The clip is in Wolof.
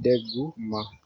deggu ma